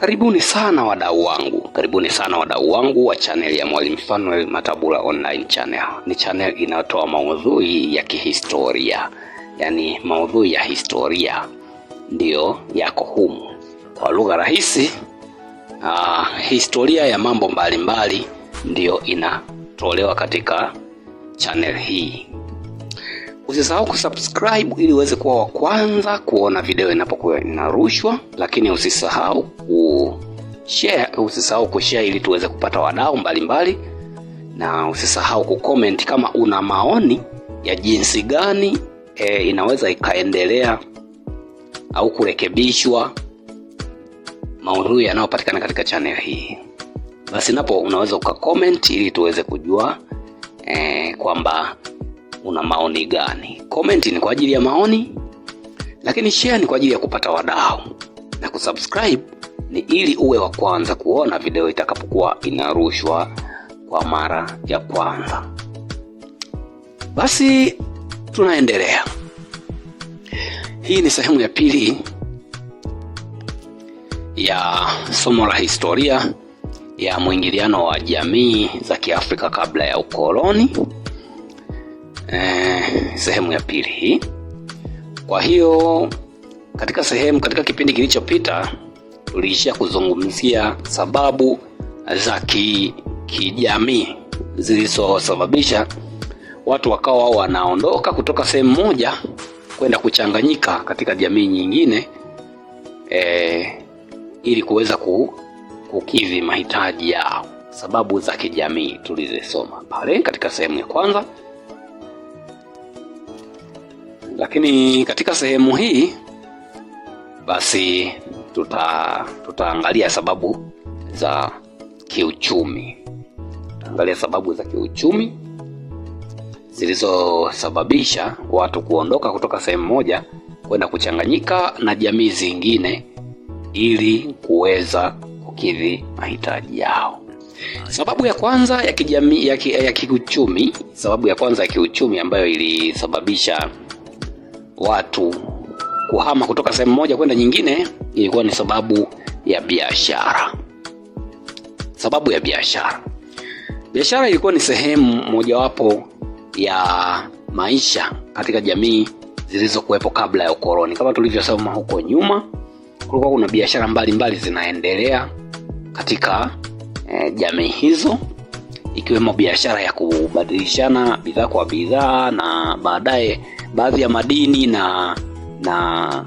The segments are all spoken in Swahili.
Karibuni sana wadau wangu, karibuni sana wadau wangu wa channel ya Mwalimu Fanuel Matabula online channel. Ni channel inayotoa maudhui ya kihistoria, yaani maudhui ya historia ndiyo yako humu. Kwa lugha rahisi, uh, historia ya mambo mbalimbali ndiyo inatolewa katika channel hii. Usisahau kusubscribe ili uweze kuwa wa kwanza kuona video inapokuwa inarushwa, lakini usisahau ku share, usisahau kushare ili tuweze kupata wadau mbalimbali, na usisahau kucomment kama una maoni ya jinsi gani e, inaweza ikaendelea au kurekebishwa maudhui yanayopatikana katika channel hii. Basi napo unaweza uka comment ili tuweze kujua e, kwamba una maoni gani? Comment ni kwa ajili ya maoni, lakini share ni kwa ajili ya kupata wadau, na kusubscribe ni ili uwe wa kwanza kuona video itakapokuwa inarushwa kwa mara ya kwanza. Basi tunaendelea. Hii ni sehemu ya pili ya somo la historia ya mwingiliano wa jamii za Kiafrika kabla ya ukoloni. Eh, sehemu ya pili hii. Kwa hiyo katika sehemu, katika kipindi kilichopita tuliishia kuzungumzia sababu za ki, kijamii zilizosababisha watu wakawa wanaondoka kutoka sehemu moja kwenda kuchanganyika katika jamii nyingine e, ili kuweza ku, kukidhi mahitaji yao. Sababu za kijamii tulizosoma pale katika sehemu ya kwanza. Lakini katika sehemu hii basi tuta tutaangalia sababu za kiuchumi, tutaangalia sababu za kiuchumi zilizosababisha watu kuondoka kutoka sehemu moja kwenda kuchanganyika na jamii zingine ili kuweza kukidhi mahitaji yao. Sababu ya kwanza ya kijamii ya kiuchumi, sababu ya kwanza ya kiuchumi ambayo ilisababisha watu kuhama kutoka sehemu moja kwenda nyingine ilikuwa ni sababu ya biashara. Sababu ya biashara, biashara ilikuwa ni sehemu mojawapo ya maisha katika jamii zilizokuwepo kabla ya ukoloni. Kama tulivyosoma huko nyuma, kulikuwa kuna biashara mbalimbali zinaendelea katika e, jamii hizo ikiwemo biashara ya kubadilishana bidhaa kwa bidhaa na baadaye baadhi ya madini na na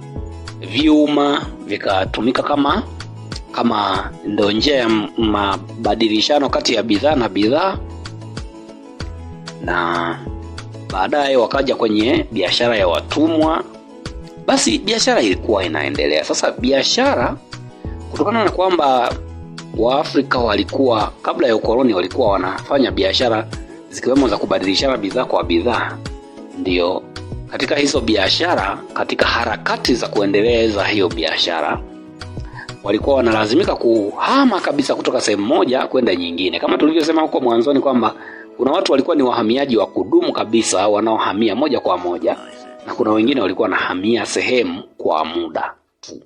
vyuma vikatumika kama kama ndo njia ya mabadilishano kati ya bidhaa na bidhaa, na baadaye wakaja kwenye biashara ya watumwa. Basi biashara ilikuwa inaendelea. Sasa biashara, kutokana na kwamba Waafrika walikuwa kabla ya ukoloni walikuwa wanafanya biashara zikiwemo za kubadilishana bidhaa kwa bidhaa, ndio katika hizo biashara, katika harakati za kuendeleza hiyo biashara, walikuwa wanalazimika kuhama kabisa kutoka sehemu moja kwenda nyingine, kama tulivyosema huko mwanzoni kwamba kuna watu walikuwa ni wahamiaji wa kudumu kabisa wanaohamia moja kwa moja, na kuna wengine walikuwa wanahamia sehemu kwa muda tu.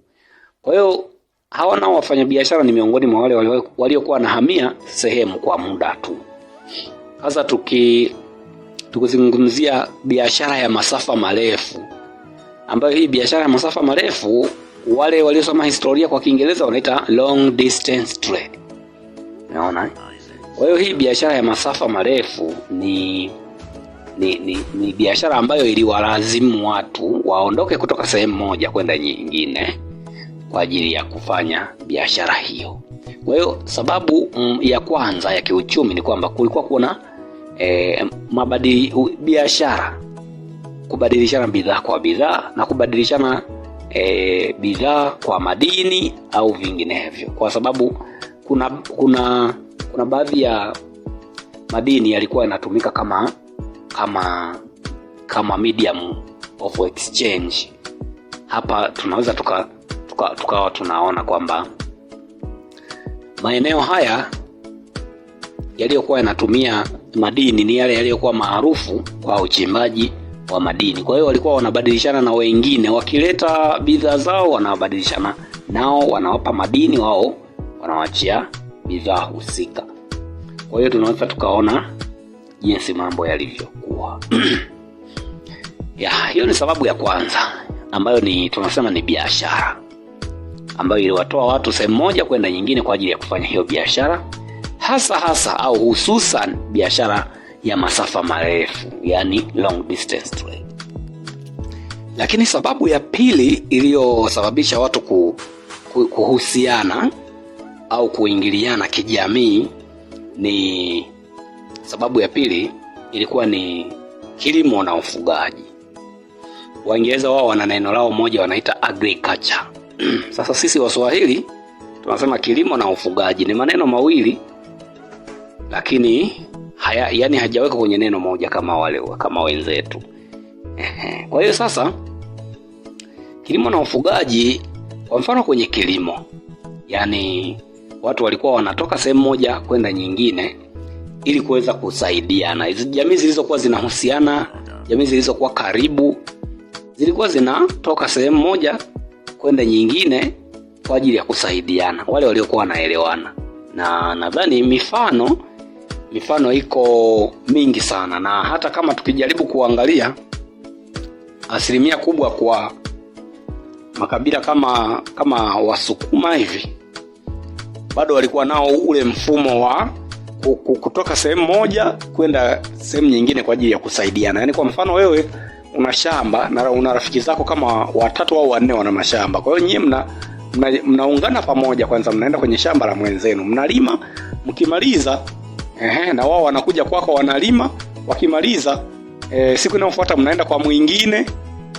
Kwa hiyo hawa nao wafanyabiashara ni miongoni mwa wale waliokuwa wanahamia sehemu kwa muda tu. Sasa tuki tukizungumzia biashara ya masafa marefu, ambayo hii biashara ya masafa marefu wale waliosoma historia kwa Kiingereza wanaita long distance trade. naona Kwa hiyo hii biashara ya masafa marefu ni ni, ni, ni biashara ambayo iliwalazimu watu waondoke kutoka sehemu moja kwenda nyingine kwa ajili ya kufanya biashara hiyo. Kwa hiyo sababu mm, ya kwanza ya kiuchumi ni kwamba kulikuwa kuna e, mabadi biashara, kubadilishana bidhaa kwa bidhaa na kubadilishana e, bidhaa kwa madini au vinginevyo, kwa sababu kuna kuna kuna baadhi ya madini yalikuwa yanatumika kama kama kama medium of exchange. Hapa tunaweza tukawa tuka, tuka tunaona kwamba maeneo haya yaliyokuwa yanatumia madini ni yale yaliyokuwa maarufu kwa uchimbaji wa madini. Kwa hiyo walikuwa wanabadilishana na wengine, wakileta bidhaa zao wanabadilishana nao, wanawapa madini wao, wanawachia bidhaa husika. Kwa hiyo tunaweza tukaona jinsi mambo yalivyokuwa. Ya, hiyo ni sababu ya kwanza ambayo ni tunasema ni biashara ambayo iliwatoa watu sehemu moja kwenda nyingine kwa ajili ya kufanya hiyo biashara hasa hasa au hususan biashara ya masafa marefu, yani long distance trade. Lakini sababu ya pili iliyosababisha watu ku, ku, kuhusiana au kuingiliana kijamii ni sababu ya pili ilikuwa ni kilimo na ufugaji. Waingereza wao wana neno lao moja wanaita agriculture. Sasa sisi Waswahili tunasema kilimo na ufugaji, ni maneno mawili lakini haya, yani hajaweka kwenye neno moja kama wale kama wenzetu. Kwa hiyo sasa, kilimo na ufugaji, kwa mfano kwenye kilimo, yani watu walikuwa wanatoka sehemu moja kwenda nyingine ili kuweza kusaidiana. Hizi jamii zilizokuwa zinahusiana, jamii zilizokuwa karibu, zilikuwa zinatoka sehemu moja kwenda nyingine kwa ajili ya kusaidiana, wale waliokuwa wanaelewana, na nadhani mifano mifano iko mingi sana, na hata kama tukijaribu kuangalia asilimia kubwa kwa makabila kama kama Wasukuma hivi bado walikuwa nao ule mfumo wa kutoka sehemu moja kwenda sehemu nyingine kwa ajili ya kusaidiana. Yaani, kwa mfano wewe una shamba na una rafiki zako kama watatu au wanne wana mashamba, kwa hiyo nyie mna mnaungana mna pamoja, kwanza mnaenda kwenye shamba la mwenzenu, mnalima, mkimaliza Ehe, na wao wanakuja kwako wanalima, wakimaliza e, siku inayofuata mnaenda kwa mwingine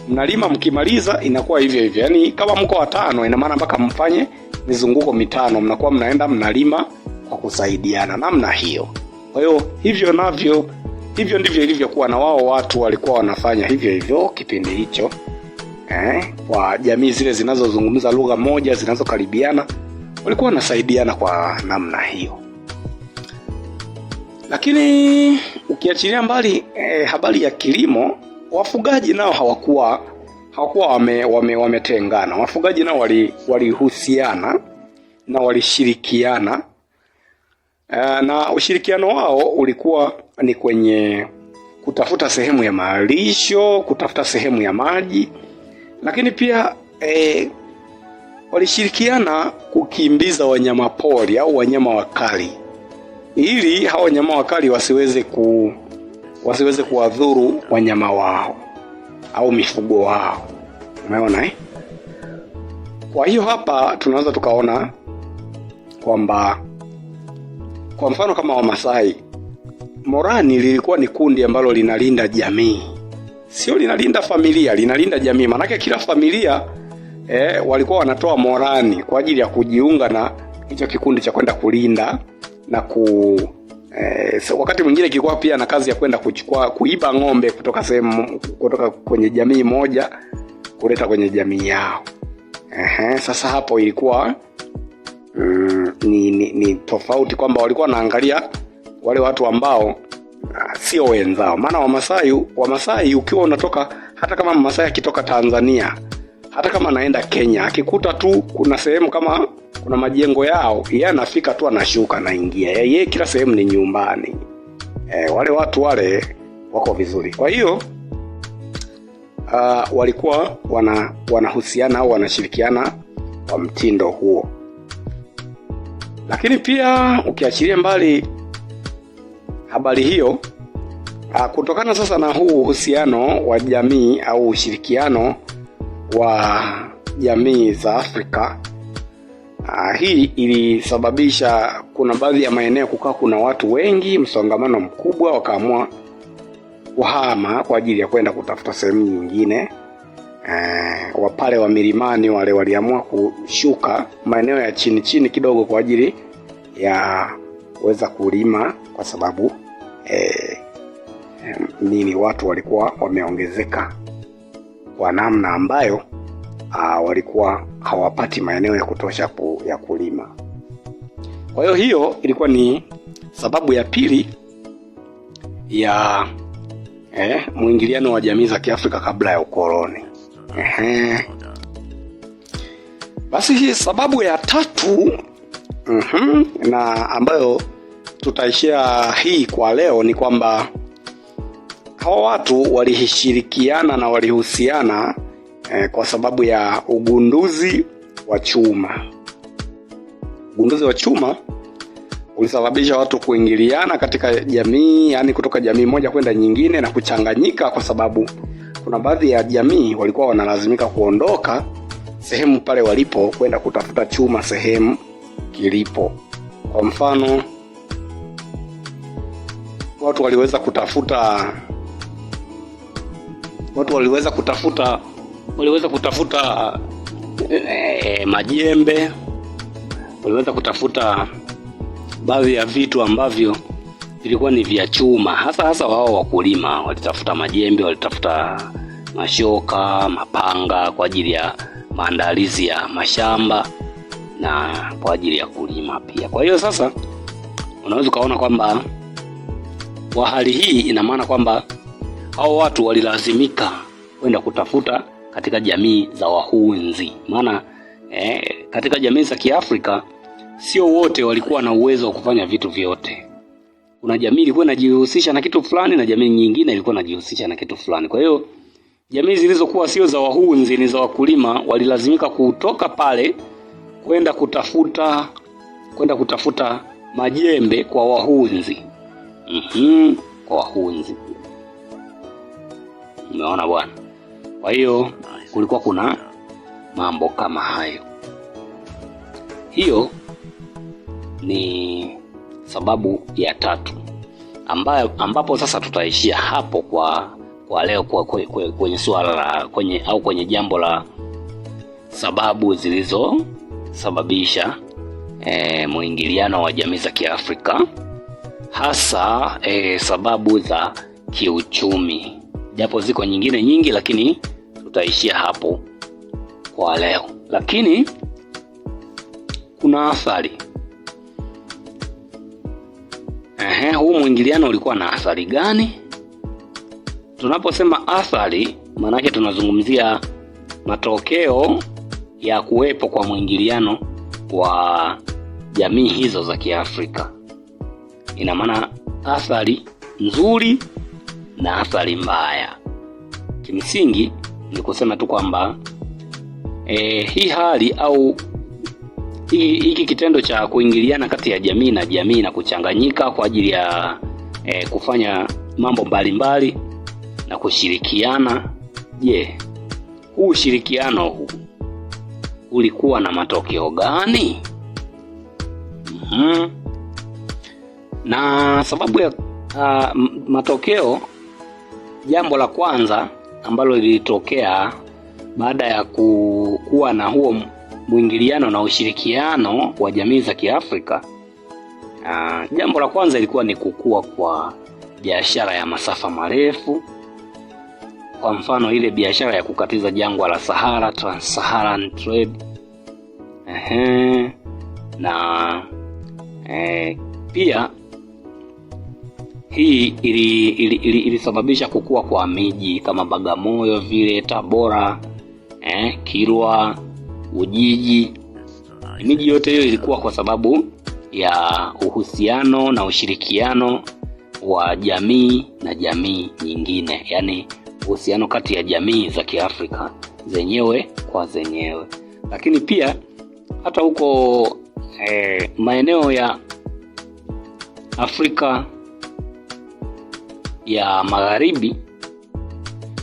mnalima, mkimaliza inakuwa hivyo hivyo. Yaani kama mko watano, ina maana mpaka mfanye mizunguko mitano, mnakuwa mnaenda mnalima kwa kusaidiana namna hiyo. Kwa hiyo hivyo navyo hivyo ndivyo ilivyokuwa, na wao watu walikuwa wanafanya hivyo hivyo kipindi hicho eh, kwa jamii zile zinazozungumza lugha moja zinazokaribiana walikuwa wanasaidiana kwa namna hiyo. Lakini ukiachilia mbali eh, habari ya kilimo, wafugaji nao hawakuwa hawakuwa wametengana, wame, wame wafugaji nao walihusiana na walishirikiana eh, na ushirikiano wao ulikuwa ni kwenye kutafuta sehemu ya malisho, kutafuta sehemu ya maji, lakini pia eh, walishirikiana kukimbiza wanyama pori au wanyama wakali ili hawa wanyama wakali wasiweze ku wasiweze kuwadhuru wanyama wao au mifugo wao. Umeona eh? Kwa hiyo hapa tunaweza tukaona kwamba kwa mfano kama Wamasai, Morani lilikuwa ni kundi ambalo linalinda jamii, sio linalinda familia, linalinda jamii. Maanake kila familia eh, walikuwa wanatoa morani kwa ajili ya kujiunga na hicho kikundi cha kwenda kulinda na ku Eh, wakati mwingine kilikuwa pia na kazi ya kwenda kuchukua kuiba ng'ombe kutoka sehemu kutoka kwenye jamii moja kuleta kwenye jamii yao. Ehe, sasa hapo ilikuwa mm, ni, ni, ni tofauti kwamba walikuwa wanaangalia wale watu ambao ah, sio wenzao, maana Wamasai Wamasai ukiwa unatoka hata kama Mmasai akitoka Tanzania hata kama anaenda Kenya akikuta tu kuna sehemu kama kuna majengo yao, yeye anafika tu anashuka anaingia, yeye kila sehemu ni nyumbani. E, wale watu wale wako vizuri. Kwa hiyo uh, walikuwa wana wanahusiana au wanashirikiana kwa mtindo huo, lakini pia ukiachilia mbali habari hiyo ah, kutokana sasa na huu uhusiano wa jamii au ushirikiano wa jamii za Afrika. Uh, hii ilisababisha kuna baadhi ya maeneo kukaa kuna watu wengi, msongamano mkubwa, wakaamua kuhama kwa ajili ya kwenda kutafuta sehemu nyingine. Uh, eh, wapale wa milimani wale waliamua kushuka maeneo ya chini chini kidogo kwa ajili ya kuweza kulima kwa sababu eh, eh nini watu walikuwa wameongezeka kwa namna ambayo uh, walikuwa hawapati maeneo ya kutosha ku, ya kulima. Kwa hiyo hiyo ilikuwa ni sababu ya pili ya eh, mwingiliano wa jamii za Kiafrika kabla ya ukoloni. Ehe. Basi hii sababu ya tatu mm -hmm, na ambayo tutaishia hii kwa leo ni kwamba hawa watu walishirikiana na walihusiana eh, kwa sababu ya ugunduzi wa chuma. Ugunduzi wa chuma ulisababisha watu kuingiliana katika jamii, yani kutoka jamii moja kwenda nyingine na kuchanganyika, kwa sababu kuna baadhi ya jamii walikuwa wanalazimika kuondoka sehemu pale walipo kwenda kutafuta chuma sehemu kilipo. Kwa mfano, watu waliweza kutafuta watu waliweza kutafuta waliweza kutafuta e, majembe, waliweza kutafuta baadhi ya vitu ambavyo vilikuwa ni vya chuma, hasa hasa wao wakulima walitafuta majembe, walitafuta mashoka, mapanga kwa ajili ya maandalizi ya mashamba na kwa ajili ya kulima pia. Kwa hiyo sasa unaweza ukaona kwamba kwa hali hii ina maana kwamba hao watu walilazimika kwenda kutafuta katika jamii za wahunzi, maana eh, katika jamii za Kiafrika sio wote walikuwa na uwezo wa kufanya vitu vyote. Kuna jamii ilikuwa inajihusisha na kitu fulani na jamii nyingine ilikuwa inajihusisha na kitu fulani. Kwa hiyo jamii zilizokuwa sio za wahunzi, ni za wakulima, walilazimika kutoka pale kwenda kutafuta kwenda kutafuta majembe kwa wahunzi. Mm-hmm, kwa wahunzi. Umeona bwana? Kwa hiyo kulikuwa kuna mambo kama hayo. Hiyo ni sababu ya tatu ambayo, ambapo sasa tutaishia hapo kwa kwa leo kwa, kwenye suala la kwenye au kwenye jambo la sababu zilizosababisha e, mwingiliano wa jamii za Kiafrika hasa e, sababu za kiuchumi japo ziko nyingine nyingi, lakini tutaishia hapo kwa leo. Lakini kuna athari ehe, huu mwingiliano ulikuwa na athari gani? Tunaposema athari, maanake tunazungumzia matokeo ya kuwepo kwa mwingiliano wa jamii hizo za Kiafrika. Ina maana athari nzuri na athari mbaya. Kimsingi ni kusema tu kwamba e, hii hali au hiki kitendo cha kuingiliana kati ya jamii na jamii na kuchanganyika kwa ajili ya e, kufanya mambo mbalimbali mbali, na kushirikiana. Je, huu ushirikiano huu ulikuwa na matokeo gani? mm -hmm. Na sababu ya uh, matokeo Jambo la kwanza ambalo lilitokea baada ya kuwa na huo mwingiliano na ushirikiano wa jamii za Kiafrika, ah, jambo la kwanza ilikuwa ni kukua kwa biashara ya masafa marefu. Kwa mfano ile biashara ya kukatiza jangwa la Sahara, Trans-Saharan Trade. Ehe. Na eh, pia hii ili, ili, ili, ilisababisha kukua kwa miji kama Bagamoyo vile, Tabora, eh, Kilwa, Ujiji. Miji yote hiyo ilikuwa kwa sababu ya uhusiano na ushirikiano wa jamii na jamii nyingine, yaani uhusiano kati ya jamii za Kiafrika zenyewe kwa zenyewe. Lakini pia hata huko eh, maeneo ya Afrika ya magharibi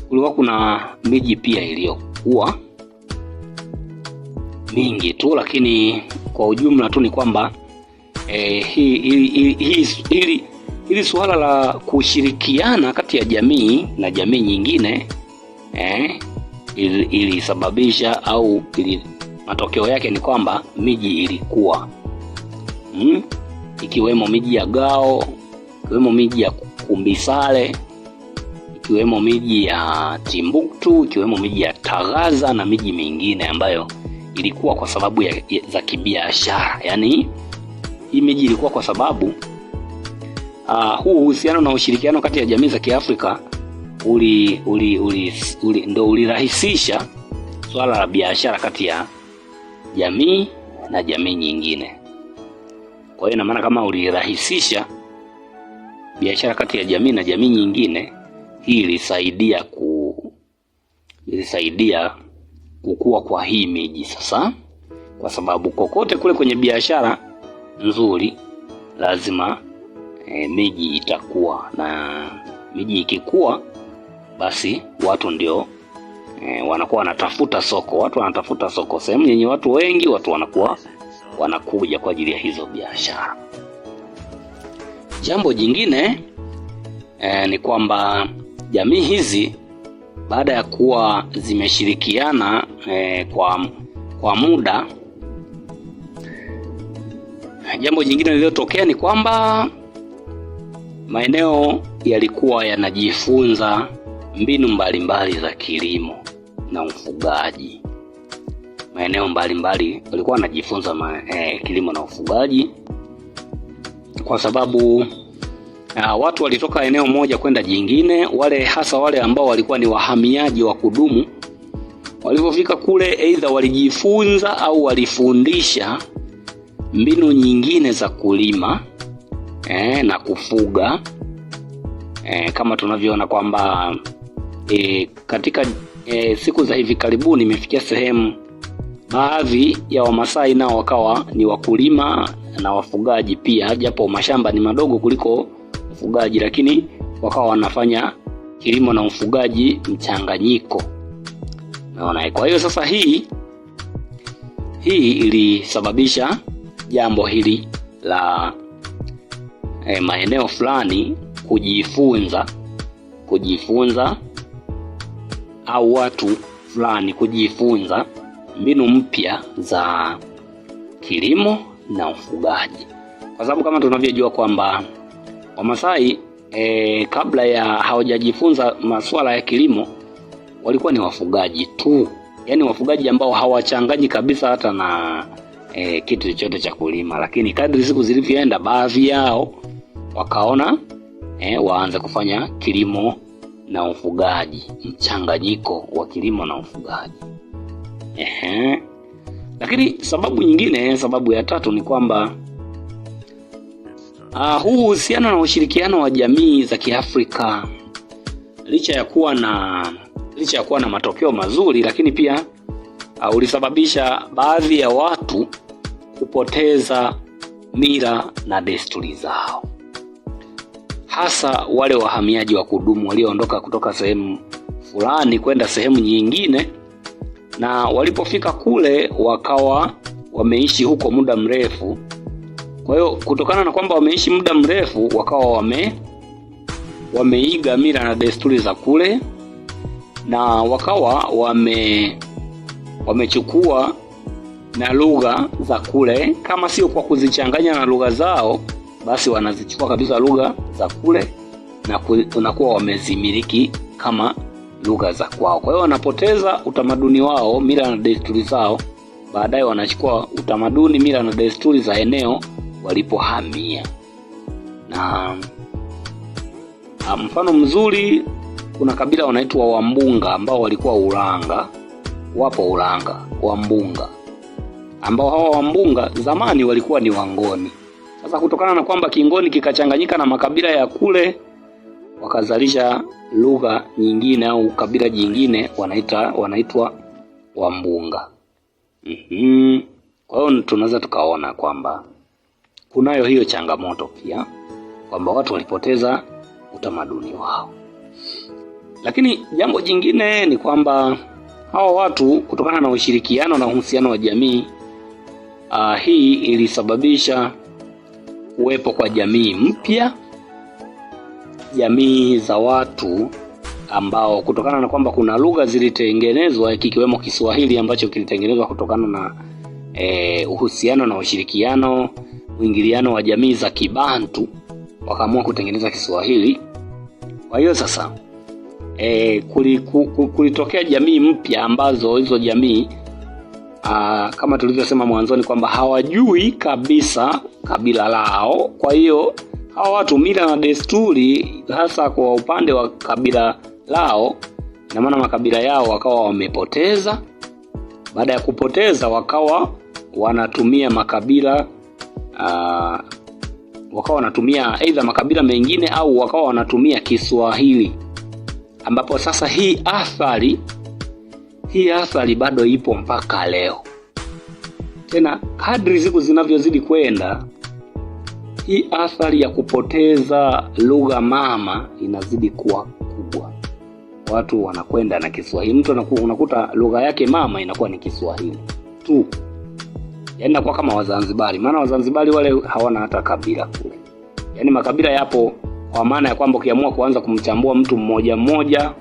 kulikuwa kuna miji pia iliyokuwa mingi tu, lakini kwa ujumla tu ni kwamba eh, hili suala la kushirikiana kati ya jamii na jamii nyingine eh, ilisababisha au ili, matokeo yake ni kwamba miji ilikuwa hmm, ikiwemo miji ya Gao, ikiwemo miji ya umbisare ikiwemo miji ya Timbuktu ikiwemo miji ya Taghaza na miji mingine ambayo ilikuwa kwa sababu ya, ya, za kibiashara. Yaani hii miji ilikuwa kwa sababu uh, huu uhusiano na ushirikiano kati ya jamii za Kiafrika uli, uli, uli, uli, ndo ulirahisisha swala la biashara kati ya jamii na jamii nyingine. Kwa hiyo ina maana kama ulirahisisha biashara kati ya jamii na jamii nyingine. Hii ilisaidia ku ilisaidia kukua kwa hii miji sasa, kwa sababu kokote kule kwenye biashara nzuri lazima e, miji itakuwa na miji ikikua, basi watu ndio e, wanakuwa wanatafuta soko, watu wanatafuta soko, sehemu yenye watu wengi, watu wanakuwa wanakuja kwa ajili ya hizo biashara. Jambo jingine e, ni kwamba jamii hizi baada ya kuwa zimeshirikiana e, kwa, kwa muda, jambo jingine lililotokea ni kwamba maeneo yalikuwa yanajifunza mbinu mbalimbali za kilimo na ufugaji. Maeneo mbalimbali walikuwa wanajifunza ma, eh, kilimo na ufugaji kwa sababu uh, watu walitoka eneo moja kwenda jingine, wale hasa wale ambao walikuwa ni wahamiaji wa kudumu. Walipofika kule, aidha walijifunza au walifundisha mbinu nyingine za kulima eh, na kufuga eh, kama tunavyoona kwamba eh, katika eh, siku za hivi karibuni imefikia sehemu baadhi ya Wamasai nao wakawa ni wakulima na wafugaji pia, japo mashamba ni madogo kuliko ufugaji, lakini wakawa wanafanya kilimo na ufugaji mchanganyiko. Naona kwa hiyo sasa hii hii ilisababisha jambo hili la eh, maeneo fulani kujifunza kujifunza au watu fulani kujifunza mbinu mpya za kilimo na ufugaji, kwa sababu kama tunavyojua kwamba Wamasai e, kabla ya hawajajifunza masuala ya kilimo walikuwa ni wafugaji tu, yaani wafugaji ambao hawachanganyi kabisa hata na e, kitu chochote cha kulima, lakini kadri siku zilivyoenda, baadhi yao wakaona e, waanze kufanya kilimo na ufugaji, mchanganyiko wa kilimo na ufugaji. Ehe. Lakini sababu nyingine, sababu ya tatu ni kwamba uh, huu uhusiano na ushirikiano wa jamii za Kiafrika licha ya kuwa na licha ya kuwa na matokeo mazuri, lakini pia uh, ulisababisha baadhi ya watu kupoteza mila na desturi zao, hasa wale wahamiaji wa kudumu walioondoka kutoka sehemu fulani kwenda sehemu nyingine na walipofika kule wakawa wameishi huko muda mrefu. Kwa hiyo kutokana na kwamba wameishi muda mrefu, wakawa wame wameiga mila na desturi za kule na wakawa wame wamechukua na lugha za kule, kama sio kwa kuzichanganya na lugha zao, basi wanazichukua kabisa lugha za kule na ku, unakuwa wamezimiliki kama lugha za kwao. Kwa hiyo wanapoteza utamaduni wao, mila na desturi zao, baadaye wanachukua utamaduni, mila na desturi za eneo walipohamia. Na ah, mfano mzuri, kuna kabila wanaitwa Wambunga ambao walikuwa Ulanga, wapo Ulanga, Wambunga ambao hawa Wambunga zamani walikuwa ni Wangoni. Sasa kutokana na kwamba Kingoni kikachanganyika na makabila ya kule wakazalisha lugha nyingine au kabila jingine wanaita wanaitwa Wambunga. mm -hmm. Kwa hiyo tunaweza tukaona kwamba kunayo hiyo changamoto pia kwamba watu walipoteza utamaduni wao, lakini jambo jingine ni kwamba hawa watu kutokana na ushirikiano na uhusiano wa jamii uh, hii ilisababisha kuwepo kwa jamii mpya jamii za watu ambao kutokana na kwamba kuna lugha zilitengenezwa kikiwemo Kiswahili ambacho kilitengenezwa kutokana na e, uhusiano na ushirikiano, uingiliano wa jamii za Kibantu wakaamua kutengeneza Kiswahili. Kwa hiyo sasa eh, kulitokea jamii mpya ambazo hizo jamii a, ah, kama tulivyosema mwanzoni kwamba hawajui kabisa kabila lao, kwa hiyo hawa watu mila na desturi, hasa kwa upande wa kabila lao, na maana makabila yao wakawa wamepoteza. Baada ya kupoteza, wakawa wanatumia makabila uh, wakawa wanatumia aidha makabila mengine au wakawa wanatumia Kiswahili, ambapo sasa hii athari hii athari bado ipo mpaka leo. Tena kadri siku zinavyozidi kwenda hii athari ya kupoteza lugha mama inazidi kuwa kubwa. Watu wanakwenda na Kiswahili, mtu unakuta lugha yake mama inakuwa ni Kiswahili tu, yaani inakuwa kama Wazanzibari, maana Wazanzibari wale hawana hata kabila kule, yaani makabila yapo kwa maana ya kwamba ukiamua kuanza kumchambua mtu mmoja mmoja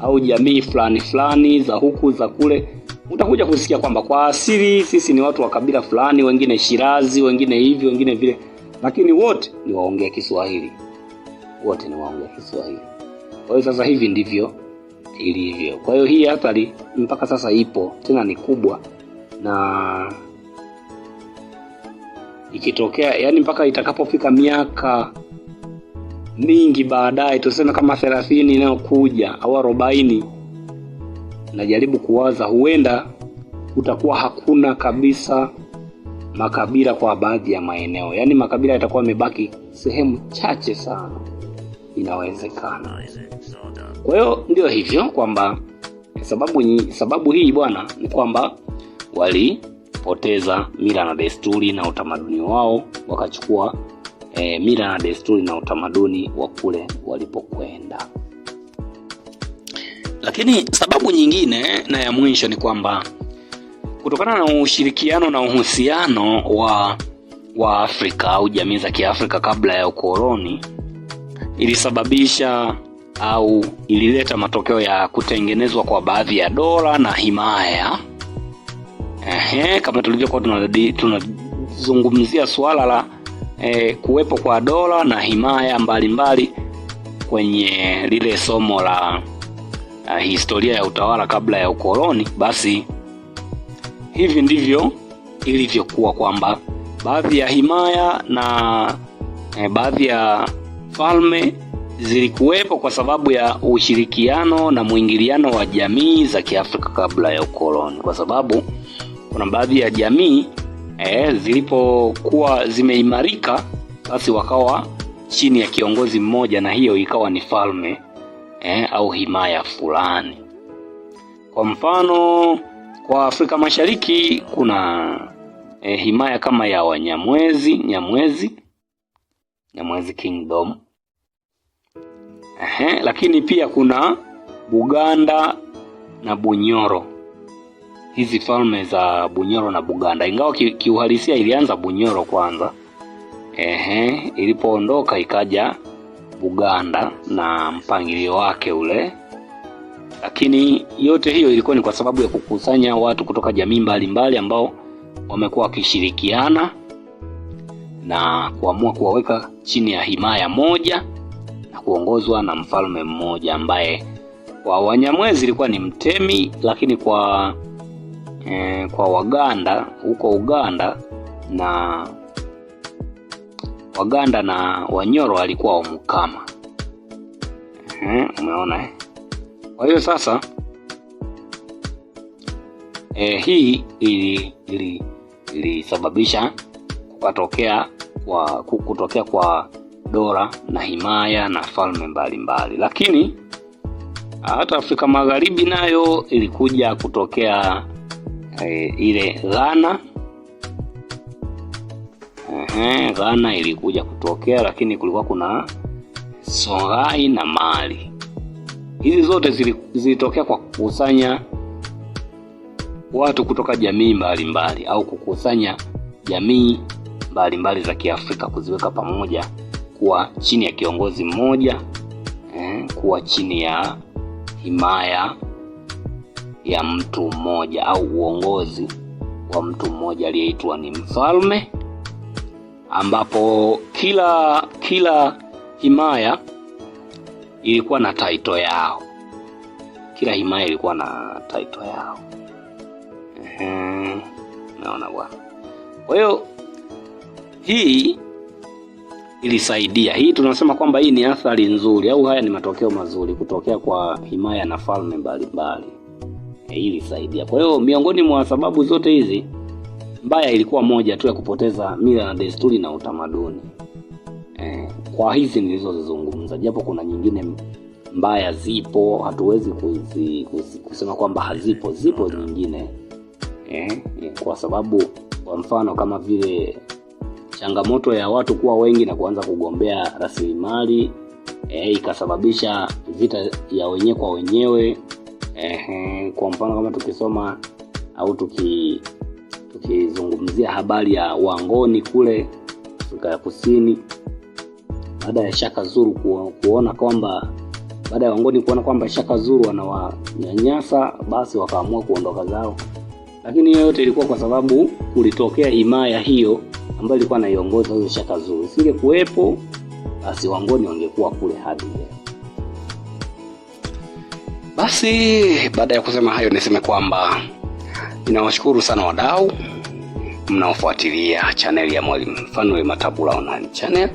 au jamii fulani fulani za huku za kule, utakuja kusikia kwamba kwa asili sisi ni watu wa kabila fulani, wengine Shirazi, wengine hivi, wengine vile lakini wote ni waongea Kiswahili, wote ni waongea Kiswahili. Kwa hiyo sasa hivi ndivyo ilivyo. Kwa hiyo hii athari mpaka sasa ipo, tena ni kubwa, na ikitokea, yani mpaka itakapofika miaka mingi baadaye, tuseme kama thelathini inayokuja au arobaini, najaribu kuwaza, huenda utakuwa hakuna kabisa makabila kwa baadhi ya maeneo, yaani makabila yatakuwa yamebaki sehemu chache sana, inawezekana. Kwa hiyo ndio hivyo kwamba sababu sababu hii bwana ni kwamba walipoteza mila na desturi na utamaduni wao, wakachukua e, mila na desturi na utamaduni wa kule walipokwenda. Lakini sababu nyingine na ya mwisho ni kwamba Kutokana na ushirikiano na uhusiano wa wa Afrika au jamii za Kiafrika kabla ya ukoloni ilisababisha au ilileta matokeo ya kutengenezwa kwa baadhi ya dola na himaya. Ehe, kama tulivyokuwa tunazungumzia suala la e, kuwepo kwa dola na himaya mbalimbali mbali kwenye lile somo la uh, historia ya utawala kabla ya ukoloni, basi hivi ndivyo ilivyokuwa kwamba baadhi ya himaya na eh, baadhi ya falme zilikuwepo kwa sababu ya ushirikiano na mwingiliano wa jamii za Kiafrika kabla ya ukoloni, kwa sababu kuna baadhi ya jamii eh, zilipokuwa zimeimarika, basi wakawa chini ya kiongozi mmoja, na hiyo ikawa ni falme eh, au himaya fulani. Kwa mfano kwa Afrika Mashariki kuna e, himaya kama ya Wanyamwezi, Nyamwezi, Nyamwezi Kingdom. Ehe, lakini pia kuna Buganda na Bunyoro. Hizi falme za Bunyoro na Buganda, ingawa kiuhalisia ki ilianza Bunyoro kwanza. Ehe, ilipoondoka ikaja Buganda na mpangilio wake ule lakini yote hiyo ilikuwa ni kwa sababu ya kukusanya watu kutoka jamii mbalimbali ambao wamekuwa wakishirikiana na kuamua kuwaweka chini ya himaya moja na kuongozwa na mfalme mmoja ambaye kwa Wanyamwezi ilikuwa ni mtemi, lakini kwa e, kwa Waganda huko Uganda na Waganda na Wanyoro alikuwa wamukama eh, Umeona eh? Kwa hiyo sasa eh, hii ilisababisha ili, ili kukatokea kwa kutokea kwa dola na himaya na falme mbalimbali, lakini hata Afrika Magharibi nayo ilikuja kutokea e, ile Ghana Ehe, Ghana ilikuja kutokea, lakini kulikuwa kuna Songhai na Mali. Hizi zote zilitokea kwa kukusanya watu kutoka jamii mbalimbali mbali, au kukusanya jamii mbalimbali za Kiafrika kuziweka pamoja kuwa chini ya kiongozi mmoja eh, kuwa chini ya himaya ya mtu mmoja au uongozi wa mtu mmoja aliyeitwa ni mfalme, ambapo kila kila himaya ilikuwa na title yao, kila himaya ilikuwa na title yao. Ehe, naona bwana. Kwa hiyo hii ilisaidia hii, tunasema kwamba hii ni athari nzuri au haya ni matokeo mazuri kutokea kwa himaya na falme mbalimbali. E, hii ilisaidia. Kwa hiyo miongoni mwa sababu zote hizi, mbaya ilikuwa moja tu ya kupoteza mila na desturi na utamaduni kwa hizi nilizozizungumza, japo kuna nyingine mbaya zipo, hatuwezi kuzi, kuzi, kusema kwamba hazipo, zipo nyingine eh, eh, kwa sababu kwa mfano kama vile changamoto ya watu kuwa wengi na kuanza kugombea rasilimali eh, ikasababisha vita ya wenyewe kwa wenyewe eh, eh, kwa mfano kama tukisoma au tuki tukizungumzia habari ya Wangoni kule Afrika ya Kusini baada ya Shaka Zuru kuona kwamba baada ya Wangoni kuona kwamba Shaka Zuru anawanyanyasa, basi wakaamua kuondoka zao. Lakini hiyo yote ilikuwa kwa sababu kulitokea himaya hiyo ambayo ilikuwa naiongoza huyo Shaka Zuru. Isingekuwepo basi Wangoni wangekuwa kule hadi leo. Basi baada ya kusema hayo, niseme kwamba ninawashukuru sana wadau mnaofuatilia chaneli ya Mwalimu Fanuel Matabula Online Channel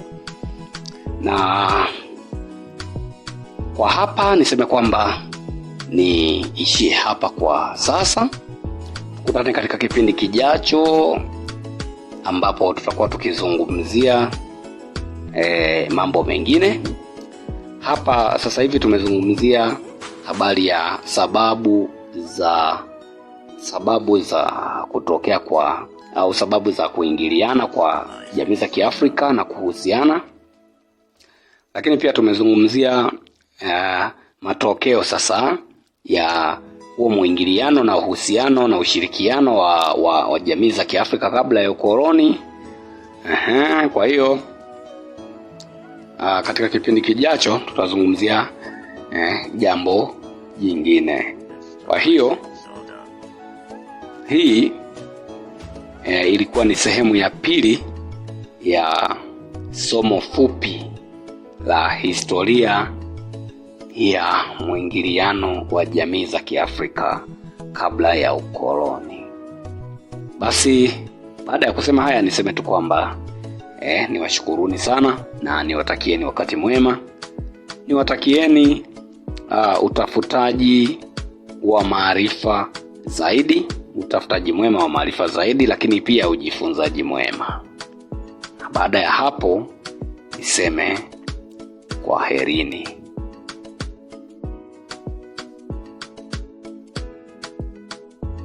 na kwa hapa niseme kwamba niishie hapa kwa sasa. kutane katika kipindi kijacho, ambapo tutakuwa tukizungumzia e, mambo mengine. Hapa sasa hivi tumezungumzia habari ya sababu za sababu za kutokea kwa au sababu za kuingiliana kwa jamii za Kiafrika na kuhusiana lakini pia tumezungumzia uh, matokeo sasa ya huo mwingiliano na uhusiano na ushirikiano wa, wa, wa jamii za Kiafrika kabla ya ukoloni. uh-huh, kwa hiyo uh, katika kipindi kijacho tutazungumzia eh, jambo jingine. Kwa hiyo hii eh, ilikuwa ni sehemu ya pili ya somo fupi za historia ya mwingiliano wa jamii za Kiafrika kabla ya ukoloni. Basi baada ya kusema haya, niseme tu kwamba eh, niwashukuruni sana na niwatakieni wakati mwema, niwatakieni uh, utafutaji wa maarifa zaidi, utafutaji mwema wa maarifa zaidi, lakini pia ujifunzaji mwema. Baada ya hapo niseme aku ini.